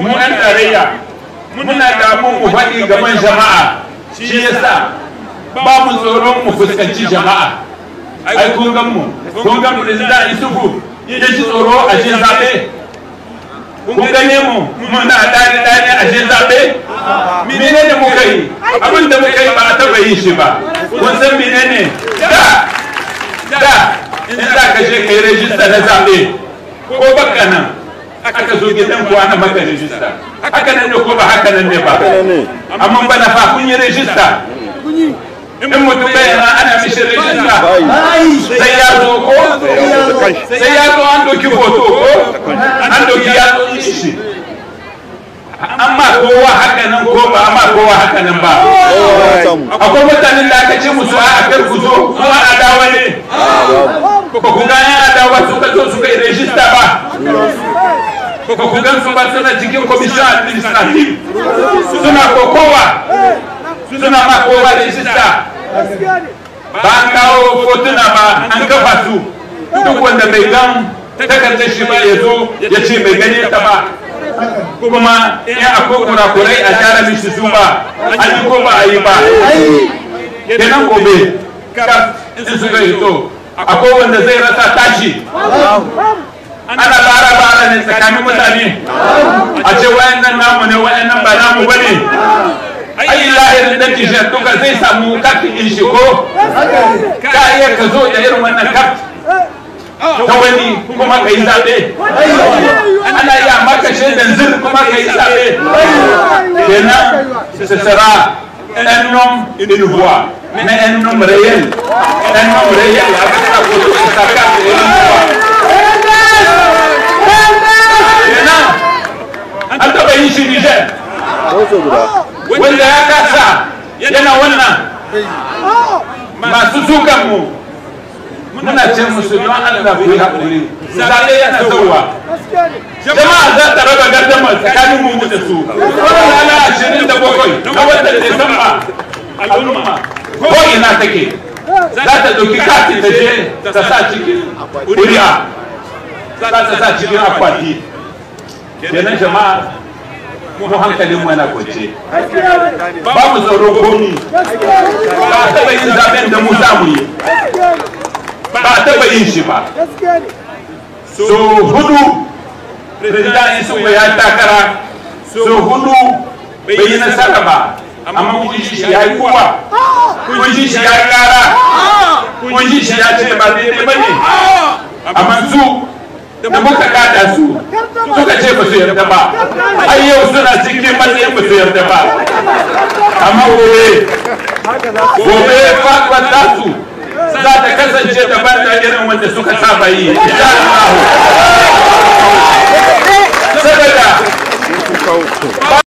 mu tarayya muna damu mu faɗi gaban jama'a shi yasa ba mu tsoron mu fuskanci jama'a ai kun gan mu kun gan mu da isufu ya ji tsoro a je zaɓe kun gane mu muna dani dani a je zaɓe mene ne mu kai abin da mu kai ba a taɓa shi ba kun san mene ne da da in za ka je ka yi rajista na zaɓe ko baka nan aka ana maka nan ne ko ba haka nan ne ba amma bana fa kun yi rijista in mutum bai na ana mishi rijista sai ya zo ko sai ya zo an doki ko an doki ya zo shi amma kowa haka nan ko ba amma kowa haka nan ba akwai mutanen da aka ce musu a kar ku zo kuma a dawa ne ba ku gane a dawa suka zo suka yi ba ba ku gan su ba suna cikin kwamishin administrative suna kokowa suna ma kowa rejista ba kawo fotuna ba an kafa su duk wanda bai gan takardar shi ba ya zo ya ce bai gani ta ba kuma in akwai kurakurai a gyara mishi su ba an yi ko ba a yi ba kenan gobe kar in suka hito akwai wanda zai rasa tashi ana mutane tsakanin mutane a ce nan namu ne wayannan ba namu bane ai lahirin da duka zai samu kafin in ko. ka iya ka zo da irin wannan kafin ta wani kuma ka yi zaɓe ana iya maka shaidan zir kuma ka yi zaɓe kenan su sara ɗan nom inuwa na ɗan nom rayel ɗan nom rayel a kasa ko su saka da inuwa wanda ya kasa yana wannan masu dukan muna ce musu don Allah ku yi haƙuri zaɓe yana zauwa jama'a za ta raba gardama tsakanin mu da su wannan rana ashirin da bakwai na watan Disamba al'umma ko ina take za ta ɗauki kati ta je ta sa cikin kuri'a za ta sa cikin akwati kenan jama'a mu hankalinmu yana kwance ba mu tsaro komi ba a taɓa yin zaben da mu za mu yi ba taɓa yin shi ba so hudu president isu ya takara so hudu bai yi nasara ba amma kun ji shi ya yi kowa kun ji shi ya kara kun ji shi ya ce ba daidai ba ne amma su da muka kada su suka ce ba su yarda ba har yau suna cikin matsayin ba su yarda ba amma gobe gobe fatwar tasu za ta kasance da ban da irin wanda suka saba yi insha saboda